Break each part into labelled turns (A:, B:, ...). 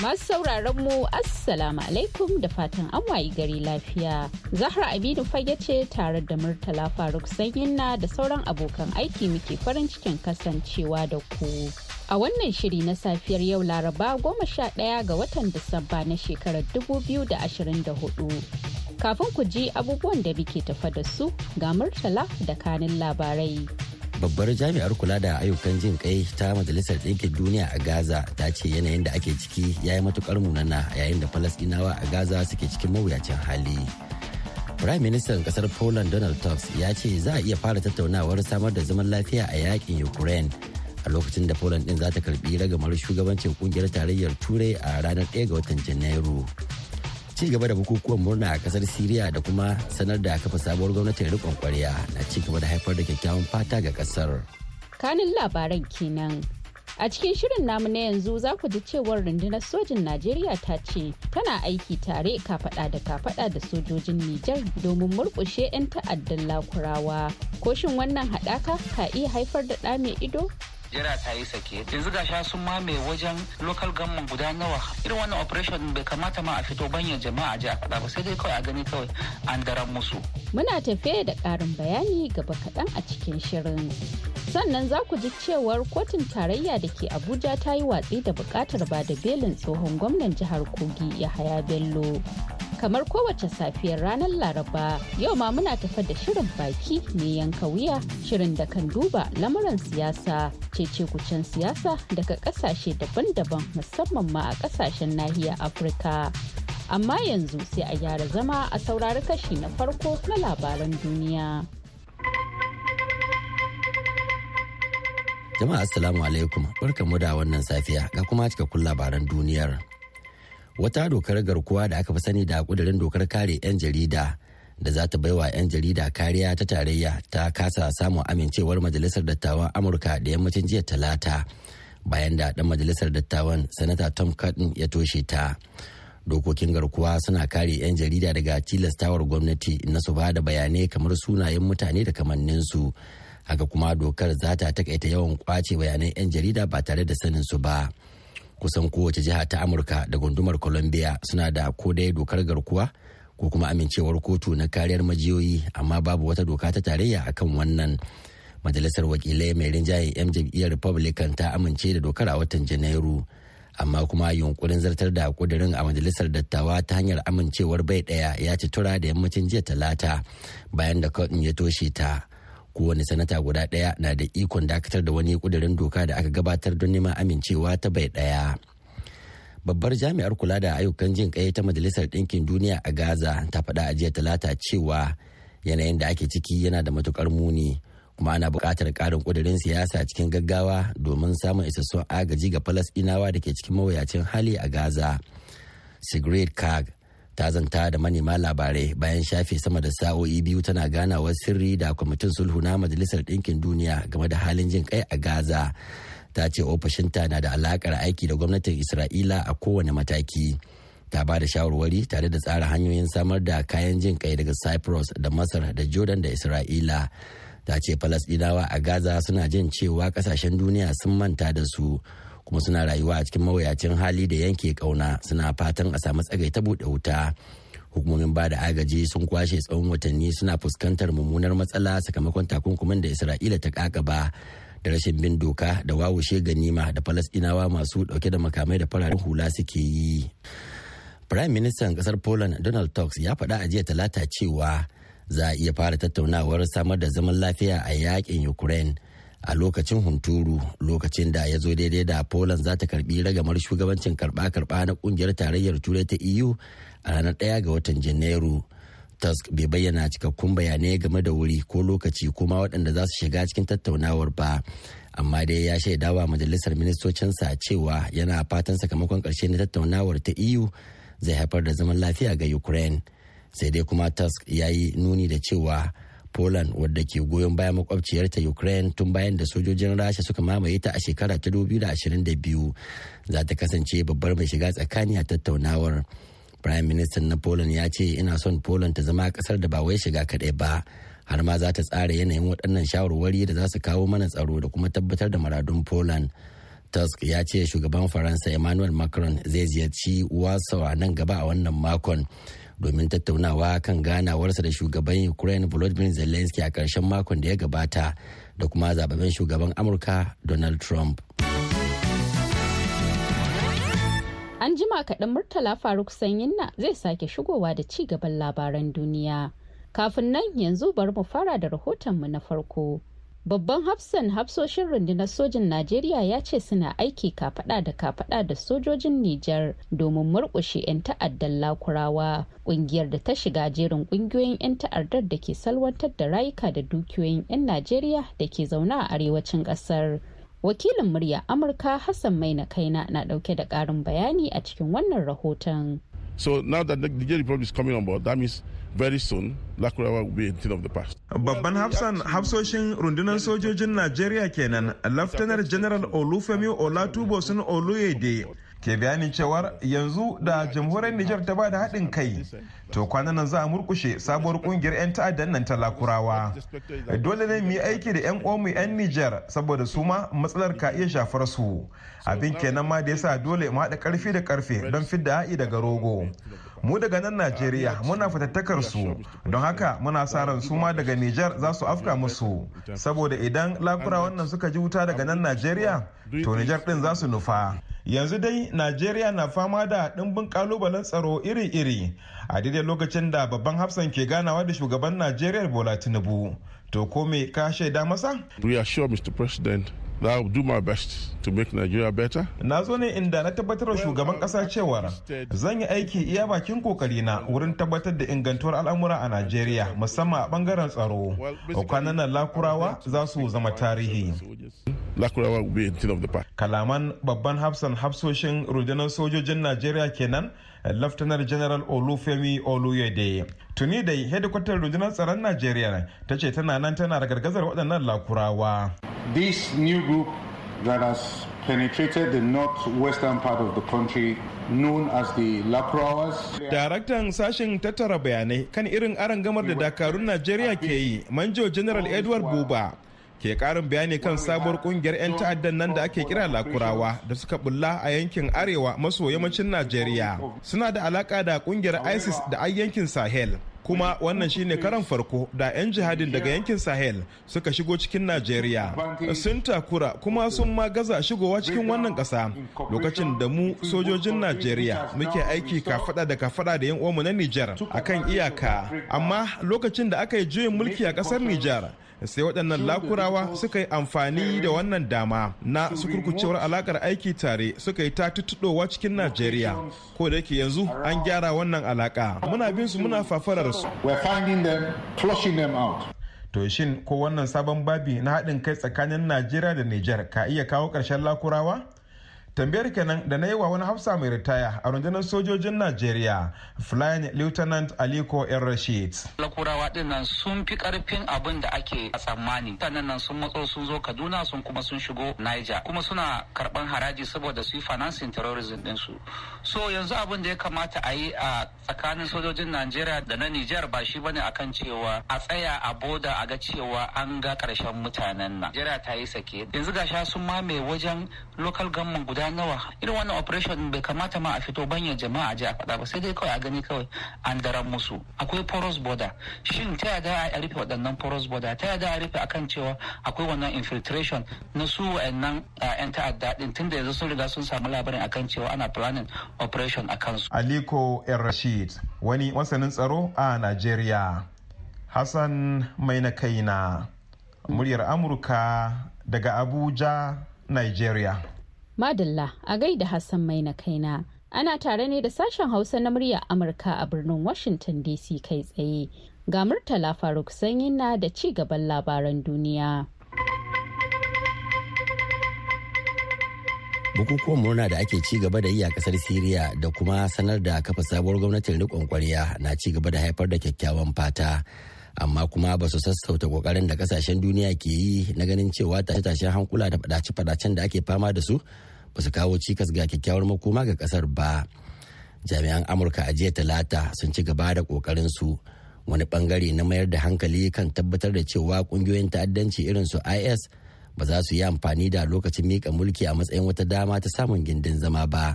A: Masu sauraron mu Assalamu alaikum da fatan an wayi gari lafiya. Zahra Aminu fage ce tare da Murtala Faruk Sanyinna da sauran abokan aiki muke farin cikin kasancewa da ku. A wannan shiri na safiyar yau Laraba goma sha ɗaya ga watan Disamba na shekarar dubu biyu da da ashirin hudu. kafin ku ji abubuwan da muke tafa da su ga murtala da kanin labarai.
B: babbar jami'ar kula da ayyukan jin kai ta majalisar ɗinkin duniya a gaza ta ce yanayin da ake ciki ya yi matukar munana yayin da falasɗinawa a gaza suke cikin mawuyacin hali prime minister kasar poland donald tusk ya ce za a iya fara tattaunawar samar da zaman lafiya a yakin ukraine a lokacin da poland din za ta karbi ragamar shugabancin kungiyar tarayyar turai a ranar 1 ga watan janairu ci gaba da bukukuwan murna a kasar Siriya da kuma sanar da kafa sabuwar gwamnatin rikon kwarya na ci gaba da haifar da kyakkyawan fata ga kasar.
A: Kanin labaran kenan. A cikin shirin namu na yanzu za ku ji cewar rundunar sojin Najeriya ta ce tana aiki tare kafada da kafada da sojojin Nijar domin murkushe 'yan ta'addan lakurawa. Koshin wannan haɗaka ka iya haifar da ɗa ido?
C: jira ta yi sake yanzu gasha sun mame wajen local government guda nawa irin wannan operation bai kamata ma a fito banyan jama'a ji a faɗa ba sai dai kawai a gani kawai an daren
A: musu. Muna tafe da ƙarin bayani gaba kaɗan a cikin shirin. sannan za ku ji cewar kotun tarayya da ke abuja ta yi watsi da bukatar ba da belin tsohon gwamnan jihar kogi yahaya bello kamar kowace safiyar ranar Laraba yau ma muna tafa da shirin baki mai yanka wuya shirin da kan duba lamuran siyasa ce kucin siyasa daga kasashe daban-daban musamman ma a kasashen nahiyar Afirka. Amma yanzu sai a gyara zama a saurari kashi na farko na labaran duniya.
B: Jama'a Assalamu alaikum, barkamu da wannan safiya ga kuma cikakkun labaran duniyar. wata dokar garkuwa da aka fi sani da kudirin dokar kare 'yan jarida da za ta baiwa 'yan jarida kariya ta tarayya ta kasa samun amincewar majalisar dattawan amurka da yammacin jiya talata bayan da dan majalisar dattawan sanata tom cotton ya toshe ta dokokin garkuwa suna kare 'yan jarida daga tilastawar gwamnati na su ba da bayanai kamar sunayen mutane da kamanninsu haka kuma dokar za ta takaita yawan kwace bayanan 'yan jarida ba tare da sanin su ba. kusan kowace jiha ta amurka da gundumar columbia suna da ko dai dokar garkuwa ko kuma amincewar kotu na kariyar majiyoyi amma babu wata doka ta tarayya akan wannan majalisar wakilai mai rinjaye yan jam'iyyar republican ta amince da dokar a watan janairu amma kuma yunkurin zartar da kudirin a majalisar dattawa ta hanyar amincewar bai daya ya ci tura da yammacin jiya talata bayan da kotun ya toshe ta kowane sanata guda ɗaya na da ikon dakatar da wani kudirin doka da aka gabatar don neman amincewa ta bai ɗaya babbar jami'ar kula da ayyukan jin kai ta majalisar ɗinkin duniya a gaza ta faɗa a jiya talata cewa yanayin da ake ciki yana da matukar muni kuma ana buƙatar ƙarin ƙudurin siyasa cikin gaggawa domin samun isassun agaji ga falasɗinawa da ke cikin mawuyacin hali a gaza sigrid kag ta zanta da manema labarai bayan shafe sama da sa'o'i biyu tana ganawar sirri da kwamitin sulhu na majalisar ɗinkin duniya game da halin jin kai a gaza ta ce ofishinta na da alakar aiki da gwamnatin isra'ila a kowane mataki ta ba da shawarwari tare da tsara hanyoyin samar da kayan jin kai daga cyprus da masar da jordan da isra'ila ta ce falasɗinawa a gaza suna jin cewa ƙasashen duniya sun manta da su kuma suna rayuwa a cikin mawuyacin hali da yanke kauna suna fatan a samu ta buɗe wuta hukumomin ba da agaji sun kwashe tsawon watanni suna fuskantar mummunar matsala sakamakon takunkumin da isra'ila ta kakaba da rashin bin doka da wawushe ganima da falasdinawa masu dauke da makamai da fararen hula suke yi prime minister kasar poland donald tusk ya faɗa a jiya talata cewa za a iya fara tattaunawar samar da zaman lafiya a yakin ukraine a lokacin hunturu lokacin da ya zo daidai da poland za ta karbi ragamar shugabancin karba-karba na kungiyar tarayyar turai ta eu a ranar ɗaya ga watan janairu tusk bai bayyana cikakkun bayanai game da wuri ko lokaci kuma waɗanda za su shiga cikin tattaunawar ba amma dai ya shaida wa majalisar ministocinsa cewa yana fatan sakamakon ƙarshe na tattaunawar ta eu zai haifar da zaman lafiya ga ukraine sai dai kuma tusk ya yi nuni da cewa Poland wadda ke goyon bayan makwabciyarta Ukraine tun bayan da sojojin Rasha suka mamaye ta a shekara ta 2022 za ta kasance babbar mai shiga tsakani a tattaunawar. Prime Minister na Poland ya ce ina son Poland ta zama kasar da ba wai shiga kaɗai ba har ma za ta tsara yanayin waɗannan shawarwari da za su kawo mana tsaro da kuma tabbatar da maradun Poland. Tusk ya ce shugaban Faransa Emmanuel Macron zai ziyarci Warsaw nan gaba a wannan makon. domin tattaunawa kan ganawarsa da shugaban ukraine volodymyr zelensky a ƙarshen makon da ya gabata da kuma zababen shugaban amurka donald trump
A: an jima kaɗan murtala faruk sanyinna zai sake shigowa da ci gaban labaran duniya kafin nan yanzu bari mu fara da rahotonmu na farko babban hafsan hafsoshin rundunar sojin najeriya ya ce suna aiki kafada da kafada da sojojin nijar domin murkushe 'yan ta'addar lakurawa ƙungiyar da ta shiga jerin ƙungiyoyin 'yan ta'addar da ke salwantar da rayuka da dukiyoyin 'yan najeriya da ke zauna a arewacin ƙasar. wakilin murya amurka hassan mai na kaina na ɗauke da ƙarin bayani a cikin wannan rahoton
D: So now that the Niger Republic is coming on board, that means very soon Lakurawa will be a thing of the past. Babban hafsan hafsoshin rundunar sojojin Najeriya kenan, Laftanar General Olufemi Olatubo sun Oluyede ke bayanin cewar yanzu da jamhuriyar Nijar ta ba da haɗin kai to kwanan nan za a murkushe sabuwar kungiyar 'yan ta'addan nan ta lakurawa dole ne mu yi aiki da 'yan mu 'yan Nijar saboda su ma matsalar ka iya shafar su abin kenan ma da yasa dole mu haɗa karfi da karfe don fidda ha'i daga rogo mu daga nan najeriya muna fatattakar su don haka muna sa ran su ma daga nijar za su afka musu saboda idan lakura wannan suka ji wuta daga nan najeriya to nijar din za su nufa yanzu dai najeriya na fama da ɗimbin kalubalen tsaro iri-iri a daidai lokacin da babban hafsan ke ganawa da shugaban najeriya bola tinubu to ko me ka shaida masa we are sure mr president that do my best to make Nigeria better. Na zo ne inda na tabbatar shugaban kasa cewa zan yi aiki iya bakin kokari na wurin tabbatar da ingantuwar al'amura a Najeriya musamman a bangaren tsaro. Kwanan nan lakurawa za su zama tarihi. Lakurawa will be a of the past. Kalaman babban hafsan hafsoshin rundunar sojojin Najeriya kenan Laftanar General Olufemi Oluyede. Tuni dai hedikwatar rundunar tsaron Najeriya ta ce tana nan tana ragargazar waɗannan lakurawa. This new group that has penetrated the northwestern part of the country known as the Laprawas. Daraktan sashen tattara bayanai kan irin arangamar da dakarun Najeriya ke yi, Manjo General Edward Buba ke karin bayani kan sabuwar kungiyar 'yan ta'addan nan da ake kira lakurawa da suka bulla a yankin arewa maso yammacin najeriya suna da alaka da kungiyar isis da a sahel kuma wannan shine karan farko da 'yan jihadin daga yankin sahel suka shigo cikin najeriya sun takura kuma sun ma gaza shigowa cikin wannan ƙasa lokacin da mu sojojin najeriya muke aiki kafada da kafada da 'yan uwanmu na nijar kan iyaka amma lokacin da aka yi juyin mulki a ƙasar nijar sai waɗannan lakurawa suka yi amfani da wannan dama na sukurkucewar alakar aiki tare suka yi ta tutuɗowa cikin najeriya ko da yake yanzu an gyara wannan alaka muna bin su muna fafarar su to shin ko wannan sabon babi na haɗin kai tsakanin najeriya da niger ka iya kawo ƙarshen lakurawa tambayar kenan da na yi wa wani hafsa mai ritaya a rundunar sojojin najeriya flying lieutenant aliko yan rashid lakurawa
C: din nan sun fi karfin abin da ake a tsammani mutanen nan sun matso sun zo kaduna sun kuma sun shigo niger kuma suna karban haraji saboda su yi financing terrorism din su so yanzu abin da ya kamata a yi a tsakanin sojojin najeriya da na niger ba shi bane akan cewa a tsaya a boda a ga cewa an ga karshen mutanen najeriya ta yi sake yanzu gasha sun mame wajen local government guda nawa nawa irin wannan operation bai kamata ma a fito banya jama'a je a faɗa ba sai dai kawai a gani kawai an daren musu akwai poros border shin ta yada a rufe waɗannan porous border ta yada a rufe akan cewa akwai wannan infiltration na su wa'annan yan ta'adda din tunda yanzu sun riga sun samu labarin akan cewa ana planning operation
D: a kansu. Aliko El Rashid wani masanin tsaro a Najeriya. Hassan mai na kaina muryar Amurka daga Abuja, Nigeria.
A: Madalla a gaida Hassan mai na kaina. Ana tare ne da sashen Hausa na murya Amurka a birnin Washington DC kai tsaye. Ga Murtala Faruk sanyi na da ci gaban labaran duniya.
B: bukukuwan murna da ake ci gaba da yi a kasar Siriya da kuma sanar da kafa sabuwar gwamnatin rikon kwarya na ci gaba da haifar da kyakkyawan fata. Amma kuma ba su sassauta kokarin da kasashen duniya ke yi na ganin cewa tashe-tashen hankula da fadace-fadacen da ake fama da su ba su kawo cikas ga kyakkyawar makoma ga kasar ba jami'an amurka a jiya talata sun ci gaba da kokarin su wani bangare na mayar da hankali kan tabbatar da cewa kungiyoyin ta'addanci irin su is ba za su yi amfani da lokacin mika mulki a matsayin wata dama ta samun gindin zama ba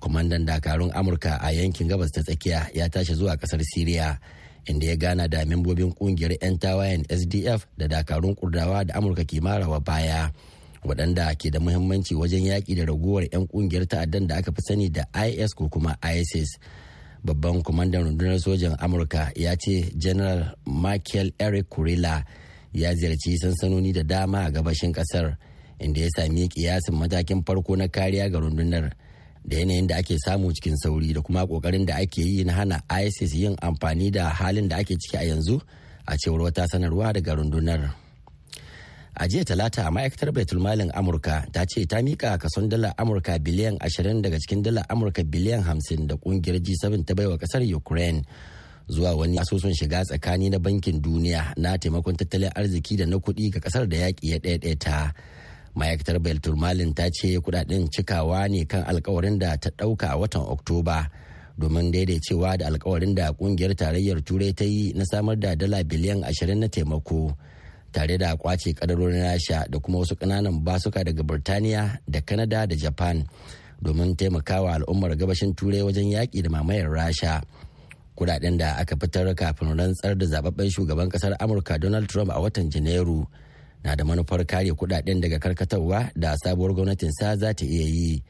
B: kwamandan dakarun amurka a yankin gabas ta tsakiya ya tashi zuwa kasar siriya inda ya gana da membobin kungiyar 'yan tawayen sdf da dakarun kurdawa da amurka ke marawa baya waɗanda ke da muhimmanci wajen yaƙi da raguwar 'yan ƙungiyar ta'addan da aka fi sani da is ko kuma isis babban kwamandan rundunar sojan amurka ya ce general michael eric kurila ya ziyarci sansanoni da dama a gabashin ƙasar inda ya sami kiyasin matakin farko na kariya ga rundunar da yanayin da ake samu cikin sauri da kuma kokarin da ake yi na hana isis yin amfani da halin da ake ciki a yanzu a cewar wata sanarwa daga rundunar. a jiya talata ma'aikatar malin amurka ta ce ta mika kason dala amurka biliyan 20 daga cikin dala amurka biliyan 50 da kungiyar g7 ta baiwa kasar ukraine zuwa wani asusun shiga tsakani na bankin duniya na taimakon tattalin arziki da na kuɗi ga kasar da yaƙi ya ɗaya ɗaiɗaita ma'aikatar malin ta ce kuɗaɗen cikawa ne kan alkawarin da ta ɗauka a watan oktoba domin daidaicewa da alkawarin da kungiyar tarayyar turai ta yi na samar da dala biliyan 20 na taimako tare da kwace kadarorin rasha da kuma wasu kananan basuka daga birtaniya da kanada da japan domin taimakawa al'ummar gabashin turai wajen yaƙi da mamayar rasha kudaden da aka fitar kafin rantsar da zababben shugaban kasar amurka donald trump a watan janairu na da manufar kare kudaden daga karkatarwa da sabuwar gwamnatin sa za ta iya yi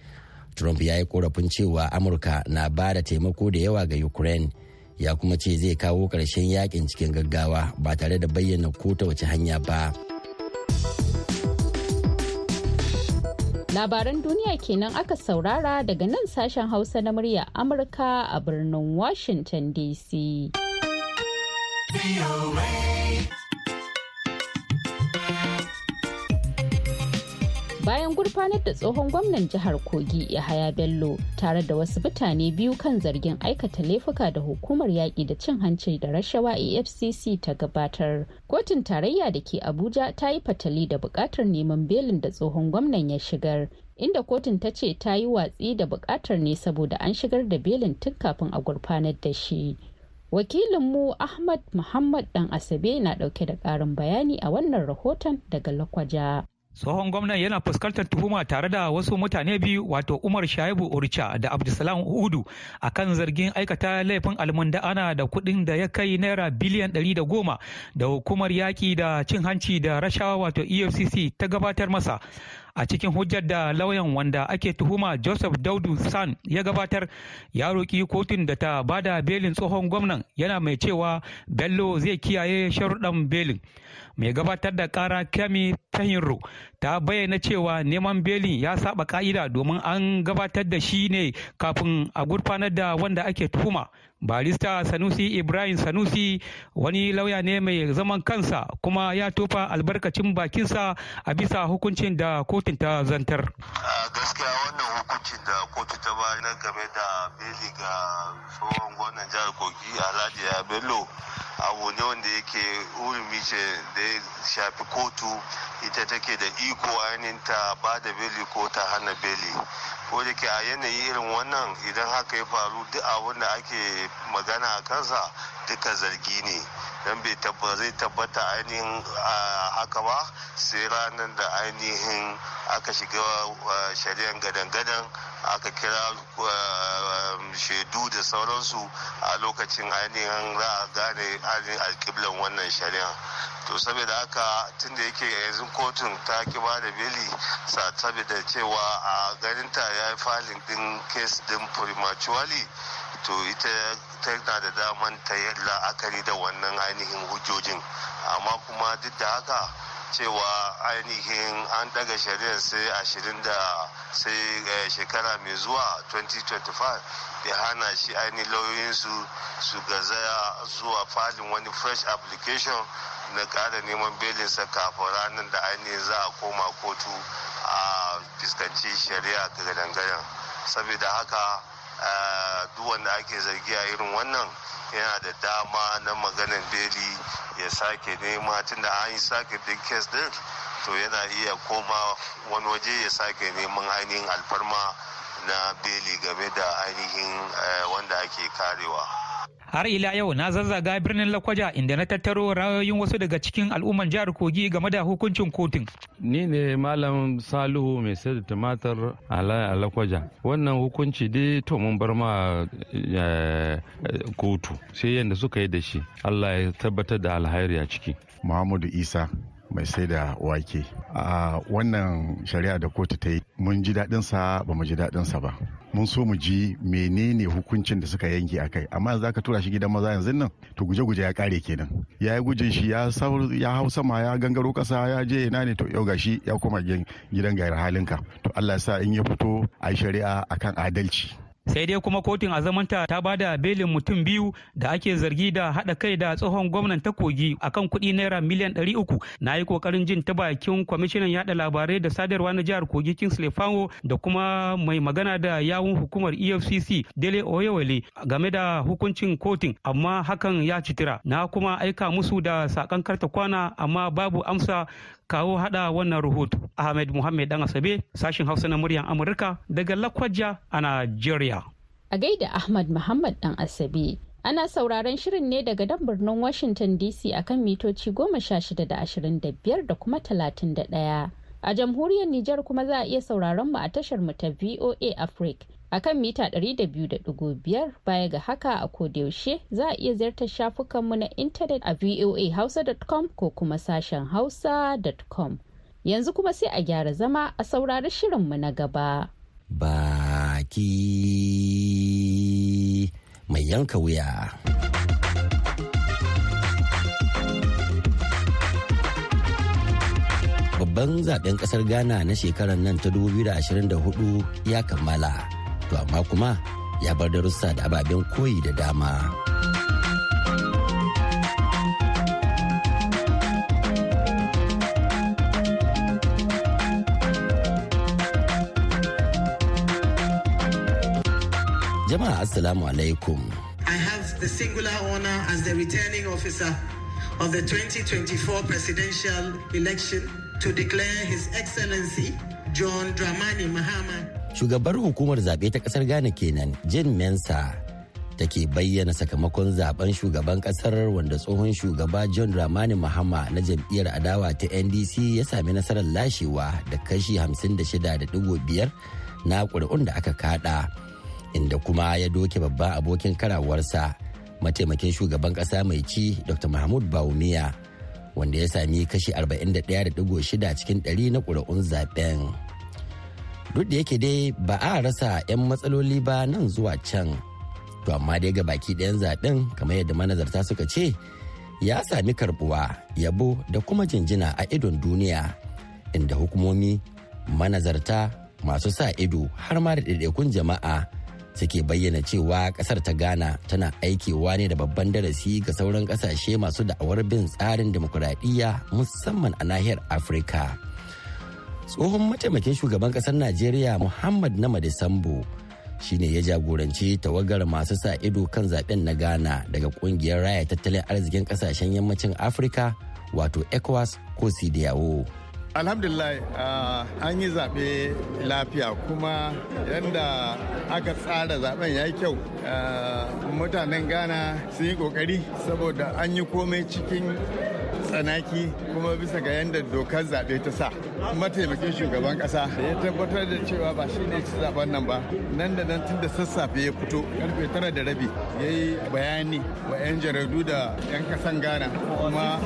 B: trump ya yi korafin cewa amurka na ba da taimako da yawa ga ukraine ya kuma ce zai kawo ƙarshen yakin cikin gaggawa ba tare da bayyana ko ta wace hanya ba.
A: Labaran duniya kenan aka saurara daga nan sashen Hausa na murya Amurka a birnin Washington DC. bayan gurfanar da tsohon gwamnan jihar kogi ya haya bello tare da wasu mutane biyu kan zargin aikata laifuka da hukumar yaƙi da cin hanci da rashawa AFCC ta gabatar kotun tarayya da ke abuja ta yi fatali da buƙatar neman belin da tsohon gwamnan ya shigar inda kotun ta ce ta yi watsi da buƙatar ne saboda an shigar da belin tun kafin a gurfanar da shi wakilinmu ahmad muhammad dan asabe na ɗauke da ƙarin bayani a wannan rahoton daga lakwaja
E: tsohon gwamnan yana fuskantar tuhuma tare da wasu mutane biyu wato umar shaibu urca da abdulsalam hudu a kan zargin aikata laifin ana da kudin da ya kai naira biliyan ɗari da da hukumar yaƙi da cin hanci da rashawa wato efcc ta gabatar masa a cikin hujjar da lauyan wanda ake tuhuma joseph daudu san ya gabatar ya roƙi kotun da ta bada belin tsohon gwamnan yana mai cewa bello zai kiyaye sharuɗan belin mai gabatar da ƙara kemi tahinro ta bayyana cewa neman belin ya saba ƙa'ida domin an gabatar da shi ne kafin a gurfanar da wanda ake tuhuma. barista sanusi ibrahim sanusi wani lauya ne mai zaman kansa kuma ya tofa albarkacin bakinsa a bisa hukuncin da kotun ta zantar
F: gaskiya wannan hukuncin da kotu ta bayar na game da beli ga tsohon gwamnan jihar kogi alhaji bello abu ne wanda yake hurumi ce da ya shafi kotu ita take da iko ainihin ta ba da beli ko ta hana beli ko da ke a yanayi irin wannan idan haka ya faru duk abin da ake magana a kansa duka zargi ne don bai zai tabbata ainihin haka ba sai ranar da ainihin aka shiga shari'ar gadan-gadan aka kira eh, shaidu da sauransu a lokacin ainihin za a gane ainihin alkiblan wannan shari'a to saboda haka tun da yake yanzu kotun ta ki ba da beli da cewa a ganinta ya yi falin din kes din primatuali to ita tana da daman ta yi la'akari da wannan ainihin hujjojin amma kuma duk da haka cewa ainihin an daga shari'ar sai ashirin da sai eh, shekara mai zuwa 2025 da hana shi ainihin lauyoyinsu su gazaya zuwa falin wani fresh application na ƙara neman belinsa kafin ranar da ainihin za a koma kotu a fuskanci shari'a ga gadan saboda haka eh, duk wanda ake zargi a irin wannan yana da dama na maganin beli ya sake nema da an yi sake duk kes din to yana iya koma wani waje ya sake neman ainihin alfarma na beli game da ainihin eh, wanda ake karewa.
E: har ila yau na zazzaga birnin lakwaja inda na tattaro ra'ayoyin wasu daga cikin al'umman jihar kogi game da hukuncin kotun ni ne malam salihu mai sayar da tumatir a lakwaja wannan hukunci dai to mun bar ma kotu sai yadda suka yi da shi allah ya tabbatar da
G: alhairi a ciki muhammadu isa mai sai da wake a wannan shari'a da kotu ta yi mun ji daɗinsa ba mu ji daɗinsa ba mun so mu ji menene hukuncin da suka yanke a kai amma za ka tura shi gidan maza yanzu nan to guje-guje ya kare kenan ya yi gujin shi ya hau sama ya gangaro kasa ya je ina ne to yau shi ya koma gidan gayar halinka to Allah ya sa in ya fito a shari'a akan adalci
E: sai dai kuma kotun a zamanta ta ba da belin mutum biyu da ake zargi da haɗa kai da tsohon gwamnan ta kogi akan kuɗi naira miliyan ɗari uku na yi ƙoƙarin jin ta bakin kwamishinan yaɗa labarai da sadarwa na jihar kogi kingsley fango da kuma mai magana da yawun hukumar efcc dele oyewale game da hukuncin kotun amma hakan ya citira na kuma aika musu da sakan karta kwana amma babu amsa kawo hada wannan rahoto ahmed muhammed dan asabe sashin hausa na muryan amurka daga lakwaja a nigeria
A: a gaida ahmad muhammad dan asabe ana sauraron shirin ne daga dan birnin washington dc akan mitoci goma sha shida da ashirin da biyar da kuma talatin da ɗaya a jamhuriyar niger kuma za a iya sauraron mu a tashar mu ta voa africa a kan mita 200.5 baya ga haka a kodayaushe za a iya ziyartar shafukanmu na intanet a voahausa.com ko kuma sashen hausa.com yanzu kuma sai a gyara zama a saurari shirinmu na gaba
B: baki mai yanka wuya babban zaben kasar ghana na shekarar nan ta 2024 ya kammala to amma kuma ya bar darussa da ababen koyi da dama. Jama'a Assalamu alaikum.
D: I have the singular honor as the returning officer of
C: the
E: 2024 presidential election to declare His Excellency John Dramani Mahama
B: shugabar hukumar zaɓe ta ƙasar ghana kenan jane mensa take bayyana sakamakon zaben shugaban ƙasar wanda tsohon shugaba john dramani mahama na jam'iyyar adawa ta ndc ya sami nasarar lashewa da kashi 56.5 na ƙuri'un da aka kada inda kuma ya doke babban abokin karawarsa mataimakin shugaban ƙasa mai ci dr mahmud baumia wanda ya sami kashi 41.6 cikin 100 na kuri'un zaben. duk da yake dai ba a rasa 'yan matsaloli ba nan zuwa can to amma dai ga baki ɗayan zaɓen kamar yadda manazarta suka ce ya sami karbuwa yabo da kuma jinjina a idon duniya inda hukumomi manazarta masu sa ido har ma da ɗaiɗaikun jama'a suke bayyana cewa ƙasar ta ghana tana aikewa ne da babban darasi ga sauran ƙasashe masu da'awar bin tsarin dimokuraɗiyya musamman a nahiyar afirka. tsohon mataimakin shugaban kasar najeriya muhammad nama sambo shine ya jagoranci tawagar masu sa ido kan zaben na ghana daga kungiyar raya tattalin arzikin kasashen yammacin afirka wato ecowas ko sidiyawo
G: alhamdulillah uh, an yi zaɓe lafiya kuma yadda aka tsara zaɓen ya yi kyau uh, mutanen ghana sun yi ƙoƙari saboda an yi komai cikin tsanaki kuma bisa ga yadda dokar zaɓe ta sa mataimakin shugaban ƙasa da ya tabbatar da cewa ba shi ne ci zaɓen nan ba nan da nan tun da sassafe ya fito karfe tara da rabi ya yi bayani wa 'yan jaradu da 'yan kasan gana. kuma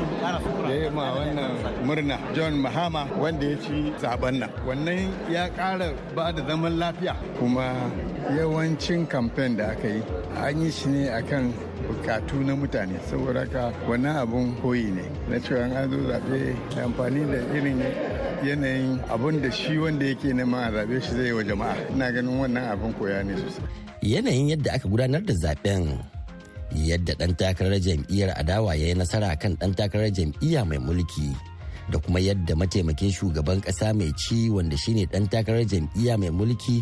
G: ya yi ma wannan murna john mahama wanda ya ci zaɓen nan wannan ya ƙara ba da zaman lafiya kuma yawancin kamfen da aka yi an yi shi ne akan katu na mutane saboda ka wannan abun koyi ne na cewa an zo zaɓe amfani da irin yanayin abun da shi wanda yake nema a zaɓe shi zai wa jama'a ina ganin wannan abun koya ne sosai
B: yanayin yadda aka gudanar da zaben yadda ɗan takarar jam'iyyar adawa yayi nasara kan ɗan takarar jam'iyya mai mulki da kuma yadda mataimakin shugaban ƙasa mai ci wanda shine ɗan takarar jam'iyya mai mulki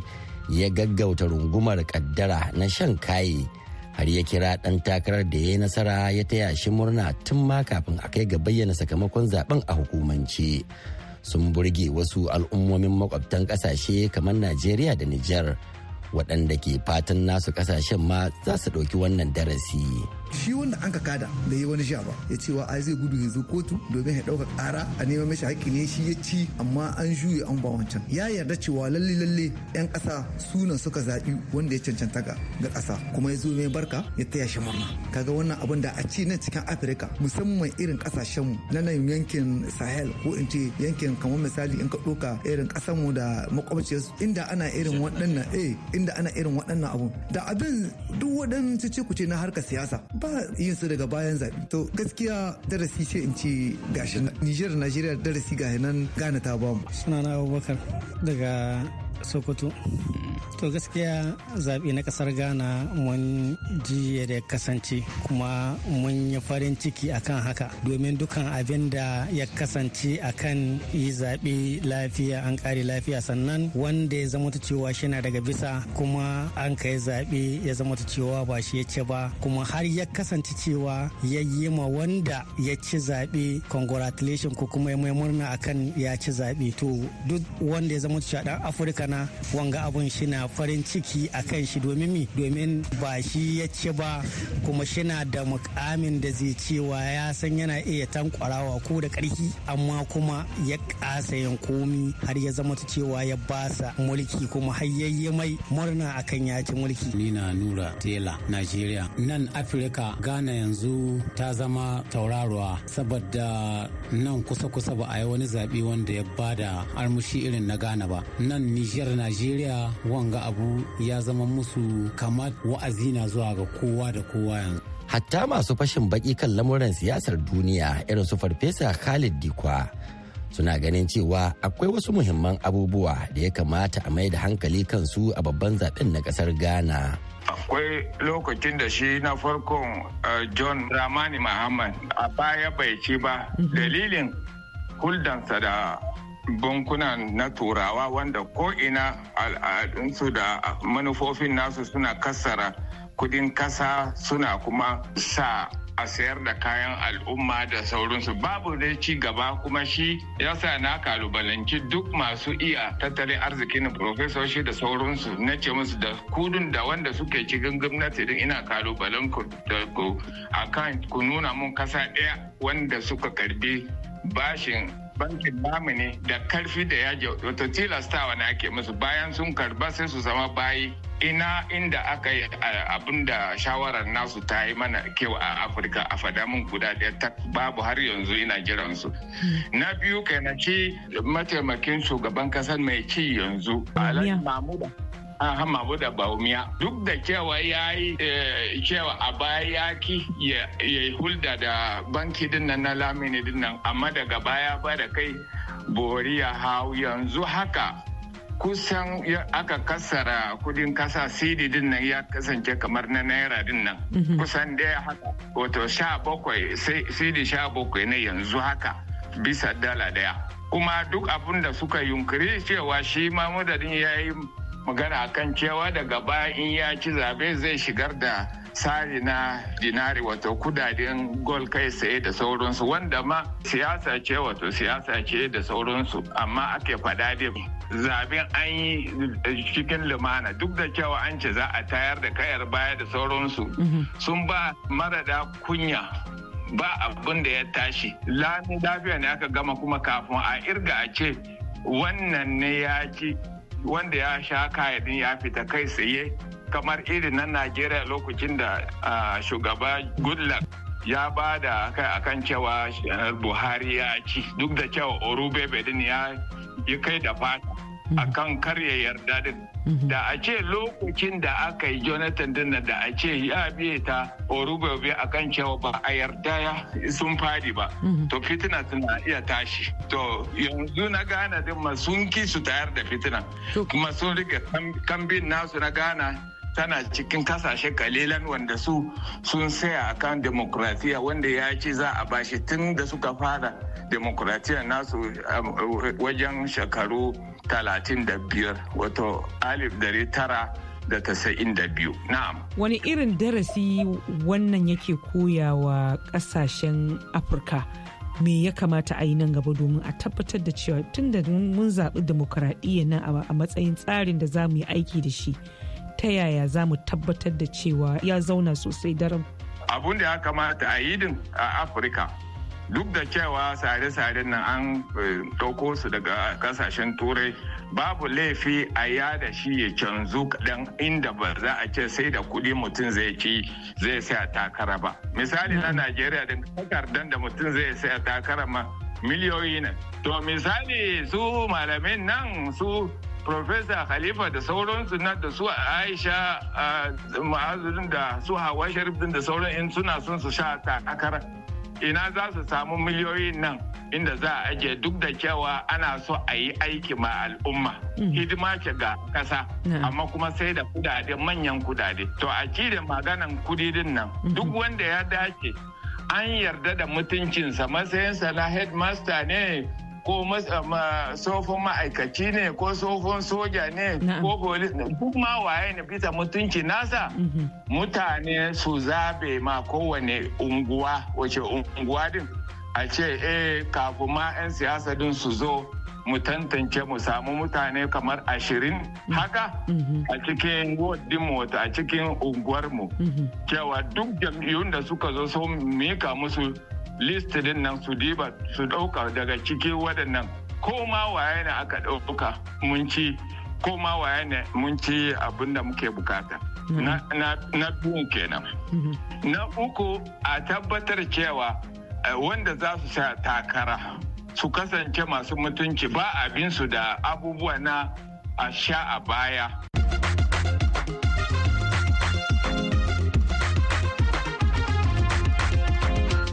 B: ya gaggauta rungumar kaddara na shan kaye har ya kira ɗan takarar da ya yi nasara ya ta yashi murna tun ma kafin a kai ga bayyana sakamakon zaben a hukumance sun burge wasu al'ummomin makwabtan ƙasashe kamar najeriya da nijar waɗanda ke fatan nasu ƙasashen ma za su ɗauki wannan darasi.
C: shi wanda an ka kada da yi wani sha ba ya cewa ai zai gudu ya zo kotu domin ya dauka kara a neman mashi haƙƙi ne shi ya ci amma an juye an ba wancan ya yarda cewa lalle lalle yan ƙasa sunan suka zaɓi wanda ya cancanta ga ga ƙasa kuma ya zo mai barka ya taya shi murna kaga wannan abin da a ci nan cikin afirka musamman irin ƙasashenmu na nan yankin sahel ko in ce yankin kamar misali in ka ɗauka irin mu da su inda ana irin waɗannan eh inda ana irin waɗannan abun da abin duk waɗannan ce na harkar siyasa ba yin su daga bayan zaɓe to gaskiya darasi ce in ci gashi Nijiyar Najeriya darasi gashi nan gane ta bamu
E: na Abubakar
B: daga sokoto to gaskiya zaɓe na ƙasar ghana mun ji da kasance kuma mun yi farin ciki akan haka domin dukan abin da ya kasance akan yi zaɓe lafiya an ƙare lafiya sannan wanda ya zama ta cewa shi na daga bisa kuma an kai zaɓe ya zama ta cewa ba shi ya ce ba kuma har ya kasance cewa ya yi ma wanda ya ci zaɓe congratulation ko kuma ya mai murna akan ya ci zaɓe to duk wanda ya zama ta cewa ɗan afirka rana wanga abun shi na farin ciki a kan shi domin mi domin ba shi ya ce ba kuma shi na da mukamin da zai cewa ya san yana iya tankwarawa ko da karfi amma kuma ya kasa yin komi har ya zama ta cewa ya basa mulki kuma hayayye mai murna akan ya ci mulki ni na nura tela nigeria nan afirka ghana yanzu ta zama tauraruwa saboda nan kusa-kusa ba a yi wani zaɓe wanda ya bada armushi irin na ghana ba nan nigeria jihar najeriya wanga abu ya zama musu kamar wa'azi na zuwa ga kowa da kowa yanzu hatta masu fashin baki kan lamuran siyasar duniya irin su farfesa khalid dikwa suna ganin cewa akwai wasu muhimman abubuwa da ya kamata a mai da hankali kansu a babban zaben na kasar ghana
F: akwai
H: lokacin da shi na farkon eh, john ramani muhammad a baya bai ci ba mhm. dalilin huldansa da bankuna na turawa wanda ko'ina al'adunsu da manufofin nasu suna kasara kudin kasa suna kuma sa a sayar da kayan al'umma da sauransu babu dai ci gaba kuma shi ya sa na kalubalanci duk masu iya tattalin arzikin profesoshi da saurinsu na ce musu da kudin da wanda suke cikin gwamnati din ina kalubalen ku a kan ku nuna mun kasa ɗaya wanda suka karbi bashin bankin namu da karfi da yaji wato tilastawa ne ake musu bayan sun karba sai su zama bayi ina inda aka yi abin da shawarar nasu ta yi mana kewa a afirka a fada min guda ɗaya ta babu har yanzu ina jiran su hmm. na biyu kai na ci mataimakin shugaban kasar mai ci yanzu alhaji mahmuda an hama Buda Baumiya duk da cewa ya yi eh, cewa a baya ya ki ya yi hulda da banki dinnan na lamini dinnan amma daga baya ba da kai bori ya hau yanzu haka kusan aka kasara kudin kasa cd dinnan ya kasance kamar na naira dinnan. Mhm. kusan kusan ya haka wato sha bakwai cd sha bakwai na yanzu haka bisa dala daya kuma duk abun da suka yunkuri cewa shi ma madadin ya yi magana kan cewa daga baya in ya ci zaɓe zai shigar da tsari na dinari wato kudaden gol kai saye da sauransu wanda ma siyasa ce wato siyasa ce da sauransu amma ake faɗa dai zaben an yi cikin lumana duk da cewa an ce za a tayar da kayar baya da sauransu mhm. sun ba marada kunya ba abin da ya tashi lafiya ne aka gama kuma kafin a irga a ce wannan ne ya ci wanda ya sha kayadin ya fita kai tsaye kamar irin na najeriya lokacin da shugaba goodluck ya ba da kai akan cewa eh, buhari ya ci duk da cewa orube bedin ya yi kai da fata a kan karya yarda din mhm. da a ce lokacin da aka yi jonathan din da a ce ya biye ta biyu a kan cewa ba a yarda ya sun fadi ba mhm. to fitina suna iya tashi to yanzu na gana din sun ki su tayar da fitina kuma sun kambin nasu na gana tana cikin kasashe kalilan wanda su sun saya akan demokratiya wanda ya ce za a bashi tun da suka fara demokratiya nasu um, wajen shekaru talatin da wato alif dari tara da tasa'in da biyu na'am
E: wani irin darasi wannan yake koyawa kasashen afirka me ya kamata a yi nan gaba domin a tabbatar da cewa tun da mun zaɓi demokuraɗiyya nan a matsayin tsarin da za mu yi aiki da shi ta yaya za mu tabbatar da cewa ya zauna sosai daram
H: abun da ya kamata a yi din a afirka duk da cewa sare-saren nan an eh, ɗauko su daga kasashen turai babu laifi a yada shi ya canzu kaɗan inda ba za a ce sai da kuɗi mutum zai ci zai saya takara ba misali na mm. najeriya da takardar da mutum zai saya takara ma miliyoyi ne to misali su malamin nan su Profesa Khalifa da sauransu na da su Aisha eh, ma'azurin da su Hawa Sharif da sauran in suna son su sha takara ina za su samu miliyoyin nan inda za a ajiye duk da cewa ana so a yi aiki ma al'umma mm. hidima ce ga ƙasa. amma kuma sai da kudade manyan kudade to a cire maganan kudidin nan mm-hmm. duk wanda ya dace an yarda da mutuncinsa matsayinsa na headmaster ne ko eh, tsofin ma'aikaci ne ko tsofin soja ne ko polis ne duk ma waye ne bisa mutunci nasa mhm. mutane su zabe ma kowane unguwa wace unguwa din a ce eh kafin ma 'yan siyasa din su zo mu tantance mu samu mutane kamar ashirin mm. haka mhm. a cikin wadin wata a cikin unguwarmu mhm. cewa duk jam'iyyun da suka zo sun mika musu list nan su diba su ɗauka daga ciki waɗannan ko ma waye ne aka ɗauka mun ci ko ma waye ne mun ci abin da muke bukata mm-hmm. na biyun kenan mm-hmm. na uku a tabbatar cewa eh, wanda za su sa takara su kasance masu mutunci ba abinsu da abubuwa na a sha a baya.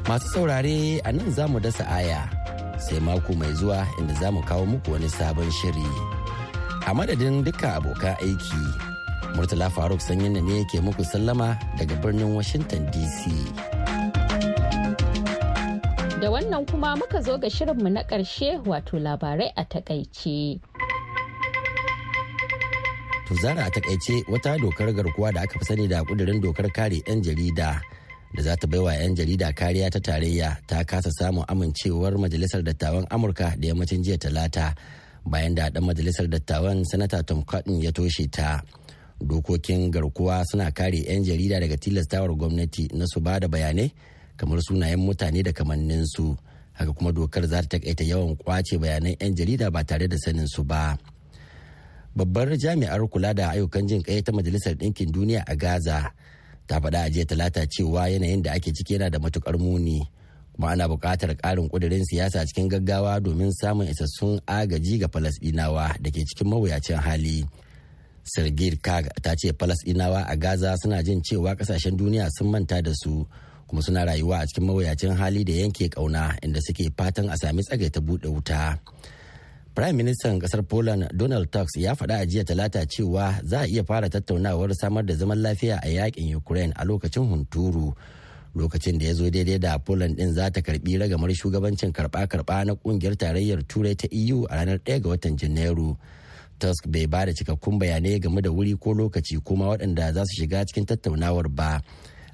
B: Masu saurare a nan za mu dasa aya sai mako mai zuwa inda za mu kawo muku wani sabon shiri. A madadin duka abokan aiki, Murtala Faruk Sanyin ne yake muku sallama daga birnin Washington DC.
A: Da wannan kuma muka zo ga shirinmu na ƙarshe wato labarai a takaice.
B: Tuzara a takaice wata dokar garkuwa da aka fi sani da kudirin dokar kare 'yan jarida. da za ta baiwa 'yan jarida kariya ta tarayya ta kasa samun amincewar majalisar dattawan amurka da yammacin jiya talata bayan da dan majalisar dattawan sanata tom cotton ya toshe ta dokokin garkuwa suna kare 'yan jarida daga tilastawar gwamnati na su ba da bayanai kamar sunayen mutane da kamanninsu haka kuma dokar za ta takaita yawan kwace bayanan 'yan jarida ba tare da sanin su ba babbar jami'ar kula da ayyukan jin ta majalisar ɗinkin duniya a gaza ta faɗa a jiya talata cewa yanayin da ake ciki yana da matukar muni kuma ana buƙatar ƙarin ƙudurin siyasa cikin gaggawa domin samun isassun agaji ga falasɗinawa da ke cikin mawuyacin hali sirgir kag ta ce falasɗinawa a gaza suna jin cewa ƙasashen duniya sun manta da su kuma suna rayuwa a cikin mawuyacin hali da yanke ƙauna inda suke fatan a sami tsagaita buɗe wuta Prime Ministan kasar Poland Donald Tusk ya faɗa a jiya talata cewa za a iya fara tattaunawar samar da zaman lafiya a yakin Ukraine a lokacin hunturu. Lokacin da ya zo daidai da Poland ɗin za ta karbi ragamar shugabancin karɓa-karɓa na ƙungiyar tarayyar Turai ta EU a ranar 1 ga watan Janairu. Tusk bai ba da cikakkun bayanai game da wuri ko lokaci kuma waɗanda za su shiga cikin tattaunawar ba.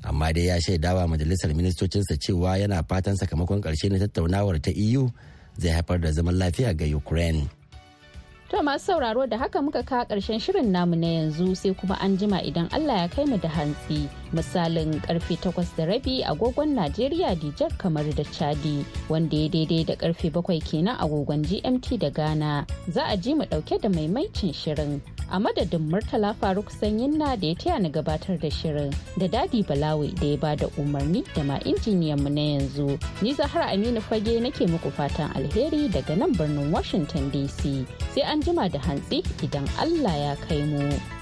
B: Amma dai ya shaidawa majalisar ministocinsa cewa yana fatan sakamakon ƙarshe na tattaunawar ta EU zai haifar da zaman lafiya ga ukraine
A: to masu sauraro da haka muka kawo karshen shirin namu na yanzu sai kuma an jima idan allah ya kai mu da hantsi misalin karfe 8 da rabi agogon Najeriya Dijar kamar da Chadi wanda ya daidai da karfe 7 kenan agogon GMT da Ghana. Za a ji mu dauke da maimaicin shirin. A madadin Murtala Faruk Sanyin na da ya taya ni gabatar da shirin da Dadi Balawi da ya bada umarni da ma injiniyan mu na yanzu. Ni Zahra Aminu Fage nake muku fatan alheri daga nan birnin Washington DC. Sai an jima da hantsi idan Allah ya kai mu.